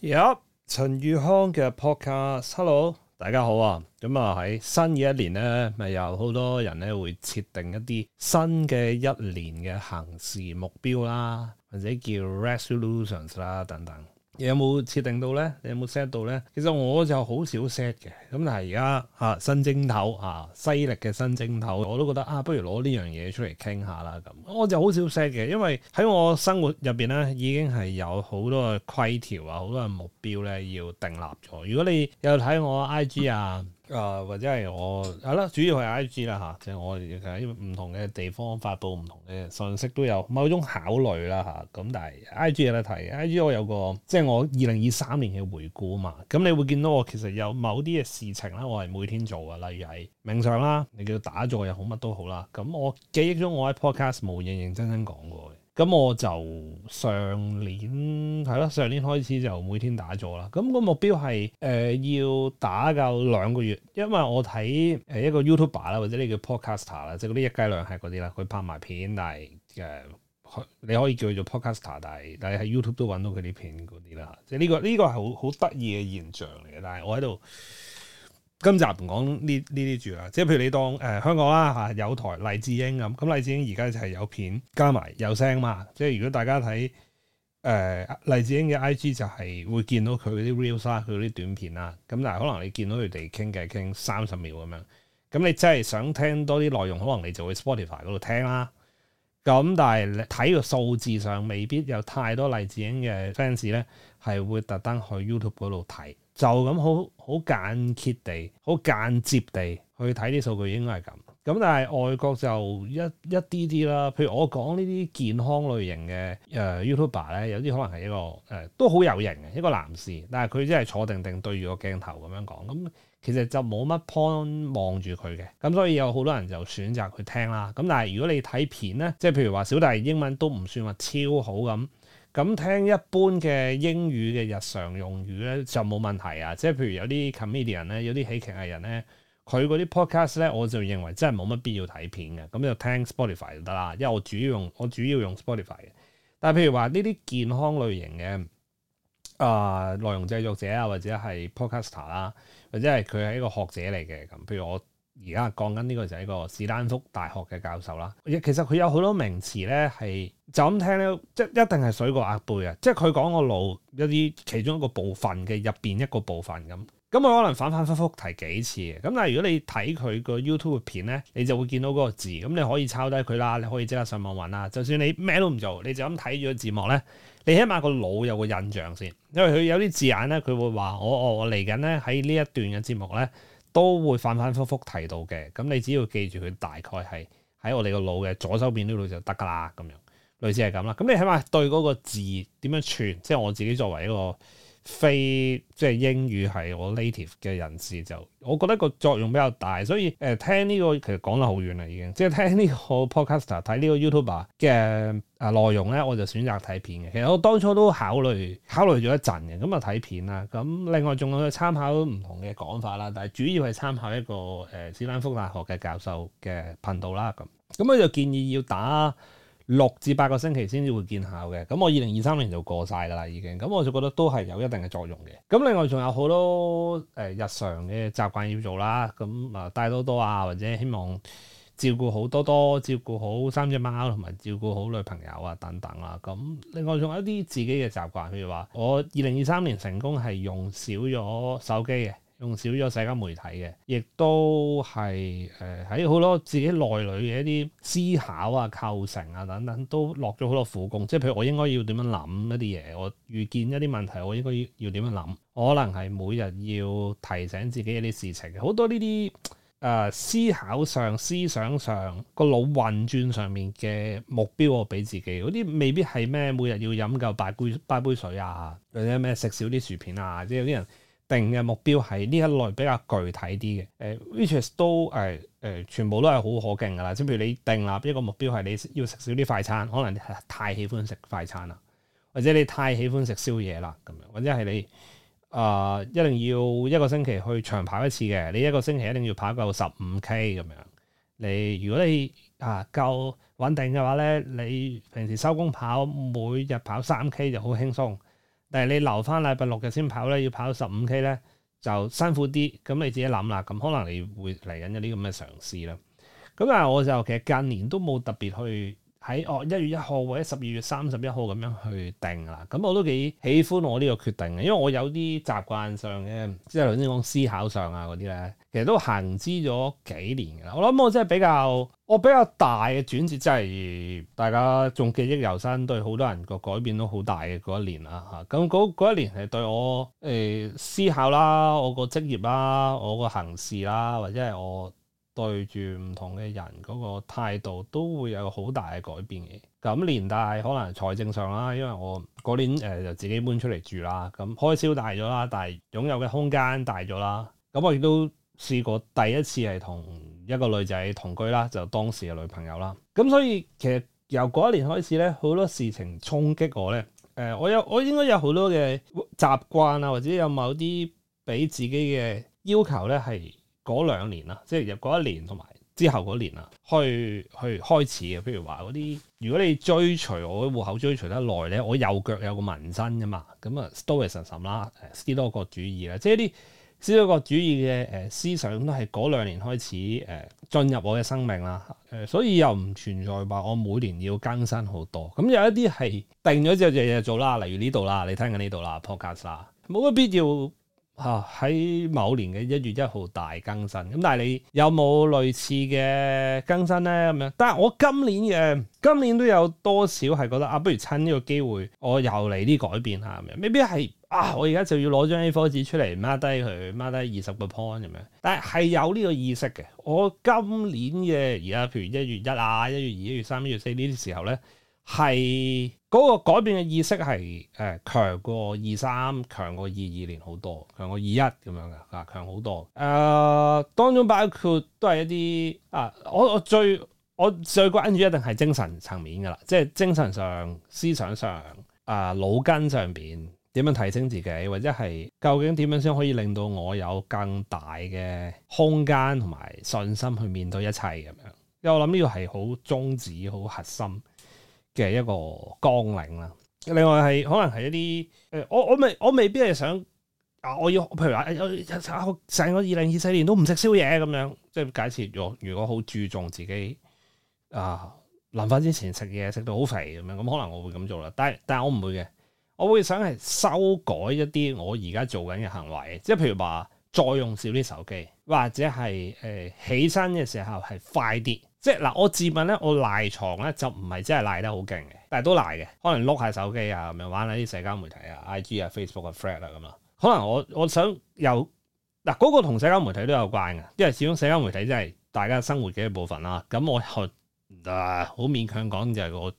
Yep 陳宇康嘅 podcast，hello，大家好啊，咁啊喺新嘅一年咧，咪有好多人咧會設定一啲新嘅一年嘅行事目標啦，或者叫 resolutions 啦等等。有冇設定到咧？你有冇 set 到咧？其實我就好少 set 嘅，咁但係而家嚇新正頭嚇、啊、犀利嘅新正頭，我都覺得啊，不如攞呢樣嘢出嚟傾下啦咁。我就好少 set 嘅，因為喺我生活入邊咧，已經係有好多嘅規條啊，好多嘅目標咧要訂立咗。如果你有睇我 IG 啊？啊，或者係我係啦，主要係 I G 啦嚇，即係我係因為唔同嘅地方發布唔同嘅信息都有某種考慮啦嚇，咁但係 I G 有得睇，I G 我有個即係、就是、我二零二三年嘅回顧嘛，咁你會見到我其實有某啲嘅事情咧，我係每天做嘅，例如係冥想啦，你叫做打坐又好，好，乜都好啦，咁我記憶中我喺 Podcast 冇認認真真講過嘅。咁我就上年係咯，上年開始就每天打坐啦。咁、那個目標係誒、呃、要打夠兩個月，因為我睇誒一個 YouTuber 啦，或者你叫 Podcaster 啦，即係嗰啲一雞兩蝦嗰啲啦，佢拍埋片，但係誒、呃、你可以叫佢做 Podcaster，但係但係喺 YouTube 都揾到佢啲片嗰啲啦。即係、這、呢個呢、這個係好好得意嘅現象嚟嘅，但係我喺度。今集唔講呢呢啲住啦，即係譬如你當誒、呃、香港啦嚇有台黎智英咁，咁黎智英而家就係有片加埋有聲嘛，即係如果大家睇誒黎智英嘅 IG 就係會見到佢啲 Reels 佢啲短片啦，咁但係可能你見到佢哋傾偈傾三十秒咁樣，咁你真係想聽多啲內容，可能你就會去 Spotify 嗰度聽啦。咁但係你睇個數字上，未必有太多黎智英嘅 fans 咧，係會特登去 YouTube 嗰度睇。就咁好好間接地、好間接地去睇啲數據應該係咁。咁但係外國就一一啲啲啦。譬如我講呢啲健康類型嘅誒、呃、YouTuber 咧，有啲可能係一個誒、呃、都好有型嘅一個男士，但係佢真係坐定定對住個鏡頭咁樣講。咁、嗯、其實就冇乜 point 望住佢嘅。咁、嗯、所以有好多人就選擇去聽啦。咁、嗯、但係如果你睇片咧，即係譬如話小弟英文都唔算話超好咁。咁、嗯、聽一般嘅英語嘅日常用語咧就冇問題啊！即係譬如有啲 comedian 咧，有啲喜劇藝人咧，佢嗰啲 podcast 咧，我就認為真係冇乜必要睇片嘅，咁就聽 Spotify 就得啦。因為我主要用我主要用 Spotify 嘅。但係譬如話呢啲健康類型嘅啊、呃、內容製作者啊，或者係 podcaster 啦，或者係佢係一個學者嚟嘅。咁譬如我而家講緊、這、呢個就係、是、一個史丹福大學嘅教授啦。其實佢有好多名詞咧係，就咁聽咧，即係一定係水過鴨背啊！即係佢講個腦有一啲其中一個部分嘅入邊一個部分咁，咁我可能反反覆覆提幾次。咁但係如果你睇佢個 YouTube 片咧，你就會見到嗰個字，咁你可以抄低佢啦，你可以即刻上網揾啦。就算你咩都唔做，你就咁睇住個字幕咧，你起碼個腦有個印象先，因為佢有啲字眼咧，佢會話我我嚟緊咧，喺呢一段嘅節目咧都會反反覆覆提到嘅。咁你只要記住佢大概係喺我哋個腦嘅左手邊呢度就得㗎啦，咁樣。類似係咁啦，咁你起碼對嗰個字點樣串，即係我自己作為一個非即係英語係我 native 嘅人士，就我覺得個作用比較大，所以誒、呃、聽呢、這個其實講得好遠啦，已經即係聽呢個 podcaster 睇呢個 YouTuber 嘅啊、呃呃、內容咧，我就選擇睇片嘅。其實我當初都考慮考慮咗一陣嘅，咁啊睇片啦。咁另外仲有參考唔同嘅講法啦，但係主要係參考一個誒史、呃、丹福大學嘅教授嘅頻道啦。咁咁我就建議要打。六至八個星期先至會見效嘅，咁我二零二三年就過晒㗎啦，已經，咁我就覺得都係有一定嘅作用嘅。咁另外仲有好多誒、呃、日常嘅習慣要做啦，咁啊帶多多啊，或者希望照顧好多多，照顧好三隻貓同埋照顧好女朋友啊等等啦。咁另外仲有一啲自己嘅習慣，譬如話我二零二三年成功係用少咗手機嘅。用少咗社交媒體嘅，亦都係誒喺好多自己內裡嘅一啲思考啊、構成啊等等，都落咗好多苦功。即係譬如我應該要點樣諗一啲嘢，我預見一啲問題，我應該要點樣諗？我可能係每日要提醒自己一啲事情，好多呢啲誒思考上、思想上個腦運轉上面嘅目標，我俾自己嗰啲未必係咩，每日要飲夠八杯八杯水啊，或者咩食少啲薯片啊，即係有啲人。定嘅目標係呢一類比較具體啲嘅，誒、呃、，which 都誒誒、呃，全部都係好可敬噶啦。即譬如你定立一個目標係你要食少啲快餐，可能你太喜歡食快餐啦，或者你太喜歡食宵夜啦咁樣，或者係你啊、呃、一定要一個星期去長跑一次嘅，你一個星期一定要跑夠十五 K 咁樣。你如果你啊夠穩定嘅話咧，你平時收工跑，每日跑三 K 就好輕鬆。但係你留翻禮拜六日先跑咧，要跑十五 K 咧就辛苦啲，咁你自己諗啦，咁可能你會嚟緊有啲咁嘅嘗試啦。咁啊，我就其實近年都冇特別去，喺哦，一月一號或者十二月三十一號咁樣去定啦，咁我都幾喜歡我呢個決定嘅，因為我有啲習慣上嘅，即係頭先講思考上啊，嗰啲咧，其實都行之咗幾年嘅啦。我諗我真係比較，我比較大嘅轉折，即係大家仲記憶猶新，對好多人個改變都好大嘅嗰一年啦嚇。咁嗰一年係對我誒、呃、思考啦，我個職業啦，我個行事啦，或者係我。對住唔同嘅人嗰個態度都會有好大嘅改變嘅。咁年大可能財政上啦，因為我嗰年誒就、呃、自己搬出嚟住啦，咁、嗯、開銷大咗啦，但係擁有嘅空間大咗啦。咁、嗯、我亦都試過第一次係同一個女仔同居啦，就當時嘅女朋友啦。咁所以其實由嗰一年開始咧，好多事情衝擊我咧。誒、呃，我有我應該有好多嘅習慣啊，或者有某啲俾自己嘅要求咧係。嗰兩年啦，即係入嗰一年同埋之後嗰年啦，去去開始嘅。譬如話嗰啲，如果你追隨我戶口追隨得耐咧，我右腳有個紋身㗎嘛。咁啊，Stoicism 啦，誒斯多葛主義啦，即係啲斯多葛主義嘅誒思想都係嗰兩年開始誒進入我嘅生命啦。誒，所以又唔存在話我每年要更新好多。咁有一啲係定咗之後就日日做啦，例如呢度啦，你聽緊呢度啦，podcast 啦，冇乜必要。啊！喺某年嘅一月一號大更新，咁但係你有冇類似嘅更新咧？咁樣，但係我今年嘅今年都有多少係覺得啊，不如趁呢個機會，我又嚟啲改變下，咁樣。未必係啊，我而家就要攞張 A4 紙出嚟 mark 低佢，mark 低二十個 point 咁樣。但係係有呢個意識嘅。我今年嘅而家，譬如一月一啊，一月二、一月三、一月四呢啲時候咧。係嗰、那個改變嘅意識係誒強過二三，強過二二年好多，強過二一咁樣嘅吓，強好多。誒、呃、當中包括都係一啲啊，我我最我最關注一定係精神層面噶啦，即係精神上、思想上啊、呃、腦筋上邊點樣提升自己，或者係究竟點樣先可以令到我有更大嘅空間同埋信心去面對一切咁樣。因為我諗呢個係好宗旨，好核心。嘅一個綱領啦，另外係可能係一啲，誒，我我未我未必係想啊，我要譬如話，成個二零二四年都唔食宵夜咁樣，即係假設若如果好注重自己啊，臨瞓之前食嘢食到好肥咁樣，咁可能我會咁做啦，但但係我唔會嘅，我會想係修改一啲我而家做緊嘅行為，即係譬如話。再用少啲手機，或者係誒、呃、起身嘅時候係快啲，即係嗱、呃，我自問咧，我賴床咧就唔係真係賴得好勁嘅，但係都賴嘅，可能碌下手機啊，咁樣玩下啲社交媒體啊，IG 啊、Facebook 嘅 friend 啊咁咯。可能我我想又嗱嗰個同社交媒體都有關嘅，因為始終社交媒體真係大家生活嘅一部分啦。咁我去啊，好、呃、勉強講就係我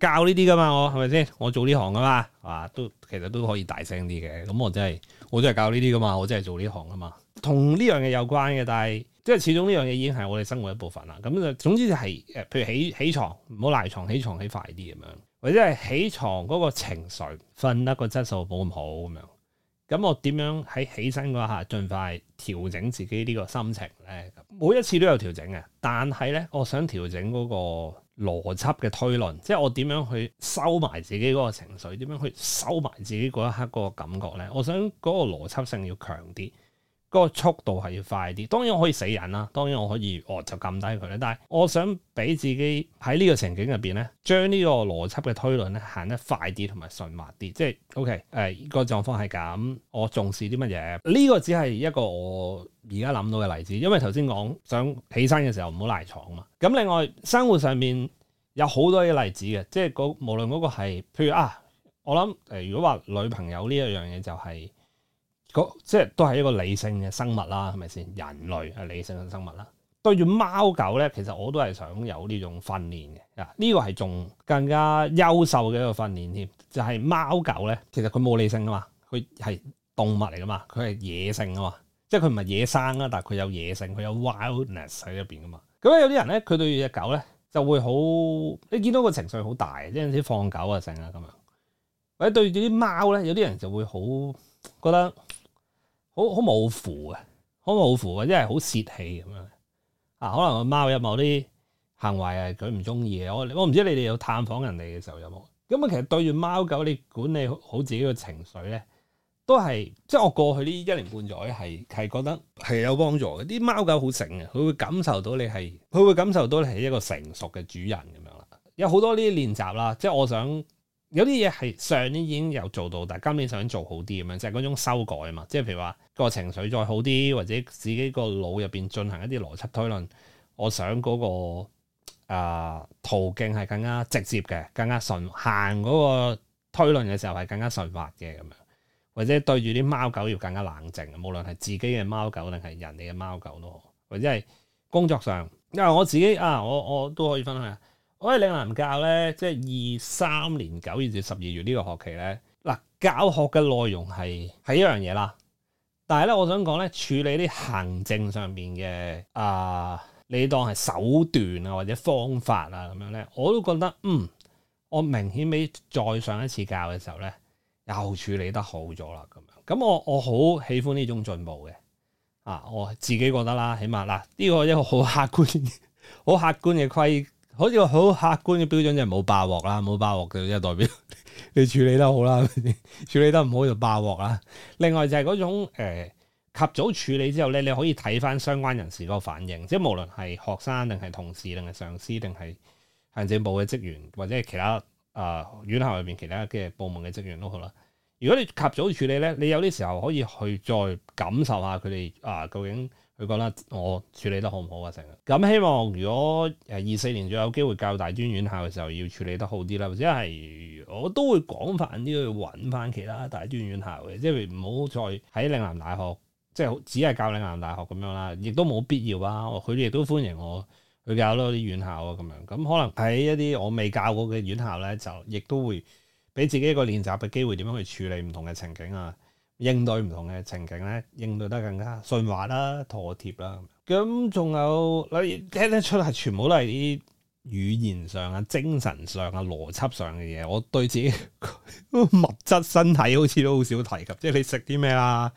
教呢啲㗎嘛，我係咪先？我做呢行㗎嘛，啊都其實都可以大聲啲嘅，咁我真係。我真係教呢啲噶嘛，我真係做呢行噶嘛，同呢樣嘢有關嘅。但係即係始終呢樣嘢已經係我哋生活一部分啦。咁就總之就係、是、誒，譬如起起床，唔好賴床，起床起快啲咁樣，或者係起床嗰個情緒，瞓得個質素冇咁好咁樣。咁我點樣喺起身嗰下盡快調整自己呢個心情咧？每一次都有調整嘅，但係咧，我想調整嗰個邏輯嘅推論，即係我點樣去收埋自己嗰個情緒，點樣去收埋自己嗰一刻嗰個感覺咧？我想嗰個邏輯性要強啲。嗰個速度係要快啲，當然我可以死人啦，當然我可以我就撳低佢咧。但係我想俾自己喺呢個情景入邊咧，將呢個邏輯嘅推論咧行得快啲同埋順滑啲。即係 OK，誒、呃，個狀況係咁，我重視啲乜嘢？呢、個只係一個我而家諗到嘅例子，因為頭先講想起身嘅時候唔好賴床啊嘛。咁另外生活上面有好多嘅例子嘅，即係嗰無論嗰個係譬如啊，我諗誒、呃，如果話女朋友呢一樣嘢就係、係。即係都係一個理性嘅生物啦，係咪先？人類係理性嘅生物啦。對住貓狗咧，其實我都係想有呢種訓練嘅。啊，呢個係仲更加優秀嘅一個訓練添。就係貓狗咧，其實佢冇理性噶嘛，佢係動物嚟噶嘛，佢係野性噶嘛。即係佢唔係野生啦，但係佢有野性，佢有 wildness 喺入邊噶嘛。咁有啲人咧，佢對住隻狗咧就會好，你見到個情緒好大，有陣時放狗啊成啊咁樣。或者對住啲貓咧，有啲人就會好覺得。好好冇符啊，好冇符啊，因為好泄氣咁樣啊。可能個貓有某啲行為係佢唔中意嘅，我我唔知你哋有探訪人哋嘅時候有冇。咁、嗯、啊，其實對住貓狗，你管理好自己嘅情緒咧，都係即係我過去呢一年半載係係覺得係有幫助嘅。啲貓狗好醒嘅，佢會感受到你係，佢會感受到你係一個成熟嘅主人咁樣啦。有好多呢啲練習啦，即係我想。有啲嘢係上年已經有做到，但係今年想做好啲咁樣，就係、是、嗰種修改嘛。即係譬如話個情緒再好啲，或者自己個腦入邊進行一啲邏輯推論，我想嗰、那個、呃、途徑係更加直接嘅，更加順行嗰個推論嘅時候係更加順滑嘅咁樣，或者對住啲貓狗要更加冷靜，無論係自己嘅貓狗定係人哋嘅貓狗咯，或者係工作上，因為我自己啊，我我都可以分享。我喺嶺南教咧，即係二三年九月至十二月呢個學期咧。嗱，教學嘅內容係係一樣嘢啦。但係咧，我想講咧，處理啲行政上邊嘅啊，你當係手段啊或者方法啊咁樣咧，我都覺得嗯，我明顯比再上一次教嘅時候咧，又處理得好咗啦。咁樣，咁我我好喜歡呢種進步嘅啊，我自己覺得啦，起碼，嗱，呢個一個好客觀好客觀嘅規好似好客觀嘅標準，就係冇爆鑊啦，冇爆鑊嘅即係代表你處理得好啦， 處理得唔好就爆鑊啦。另外就係嗰種、呃、及早處理之後咧，你可以睇返相關人士個反應，即係無論係學生定係同事定係上司定係行政部嘅職員，或者係其他啊、呃、院校入邊其他嘅部門嘅職員都好啦。如果你及早處理咧，你有啲時候可以去再感受下佢哋啊究竟。佢覺得我處理得好唔好啊？成日咁希望，如果誒二四年再有機會教大專院校嘅時候，要處理得好啲啦。因為我都會廣泛啲去揾翻其他大專院校嘅，即係唔好再喺嶺南大學，即係只係教嶺南大學咁樣啦，亦都冇必要啦。佢哋亦都歡迎我去教多啲院校啊，咁樣咁可能喺一啲我未教過嘅院校咧，就亦都會俾自己一個練習嘅機會，點樣去處理唔同嘅情景啊。應對唔同嘅情景咧，應對得更加順滑啦、妥貼啦。咁仲有你聽得出係全部都係啲語言上啊、精神上啊、邏輯上嘅嘢。我對自己物質身體好似都好少提及，即係你食啲咩啦，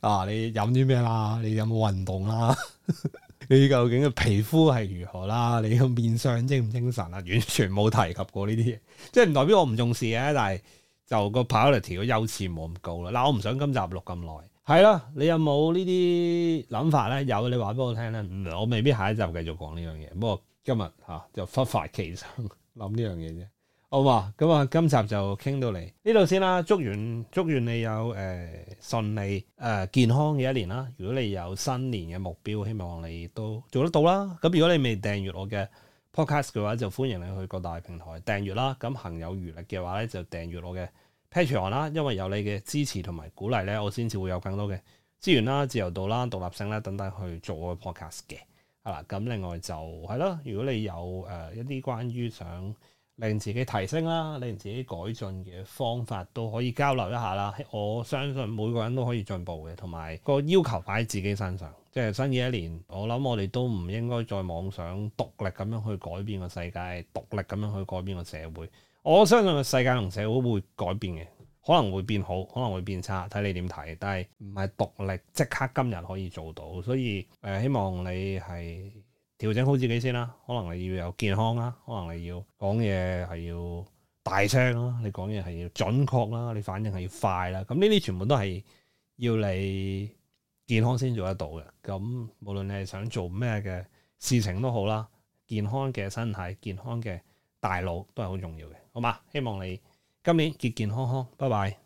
啊你飲啲咩啦，你有冇運動啦， 你究竟嘅皮膚係如何啦，你個面相精唔精神啊，完全冇提及過呢啲嘢。即係唔代表我唔重視嘅，但係。就個 quality 個優次冇咁高啦，嗱我唔想今集錄咁耐，係咯，你有冇呢啲諗法咧？有你話俾我聽咧，我未必下一集繼續講呢樣嘢，不過今日嚇、啊、就忽發奇想諗呢樣嘢啫，好嘛？咁啊今集就傾到嚟呢度先啦，祝願祝願你有誒、呃、順利誒、呃、健康嘅一年啦，如果你有新年嘅目標，希望你都做得到啦，咁如果你未訂閱我嘅。podcast 嘅話就歡迎你去各大平台訂閱啦，咁行有餘力嘅話咧就訂閱我嘅 Patreon 啦，因為有你嘅支持同埋鼓勵咧，我先至會有更多嘅資源啦、自由度啦、獨立性啦等等去做我嘅 podcast 嘅，係、嗯、啦。咁另外就係啦，如果你有誒、呃、一啲關於想令自己提升啦，令自己改進嘅方法都可以交流一下啦。我相信每個人都可以進步嘅，同埋個要求擺喺自己身上。即係新嘅一年，我諗我哋都唔應該再妄想獨立咁樣去改變個世界，獨立咁樣去改變個社會。我相信個世界同社會會改變嘅，可能會變好，可能會變差，睇你點睇。但係唔係獨立即刻今日可以做到，所以誒、呃，希望你係。調整好自己先啦，可能你要有健康啦，可能你要講嘢係要大聲啦，你講嘢係要準確啦，你反應係要快啦，咁呢啲全部都係要你健康先做得到嘅。咁無論你係想做咩嘅事情都好啦，健康嘅身體、健康嘅大腦都係好重要嘅，好嘛？希望你今年健健康康，拜拜。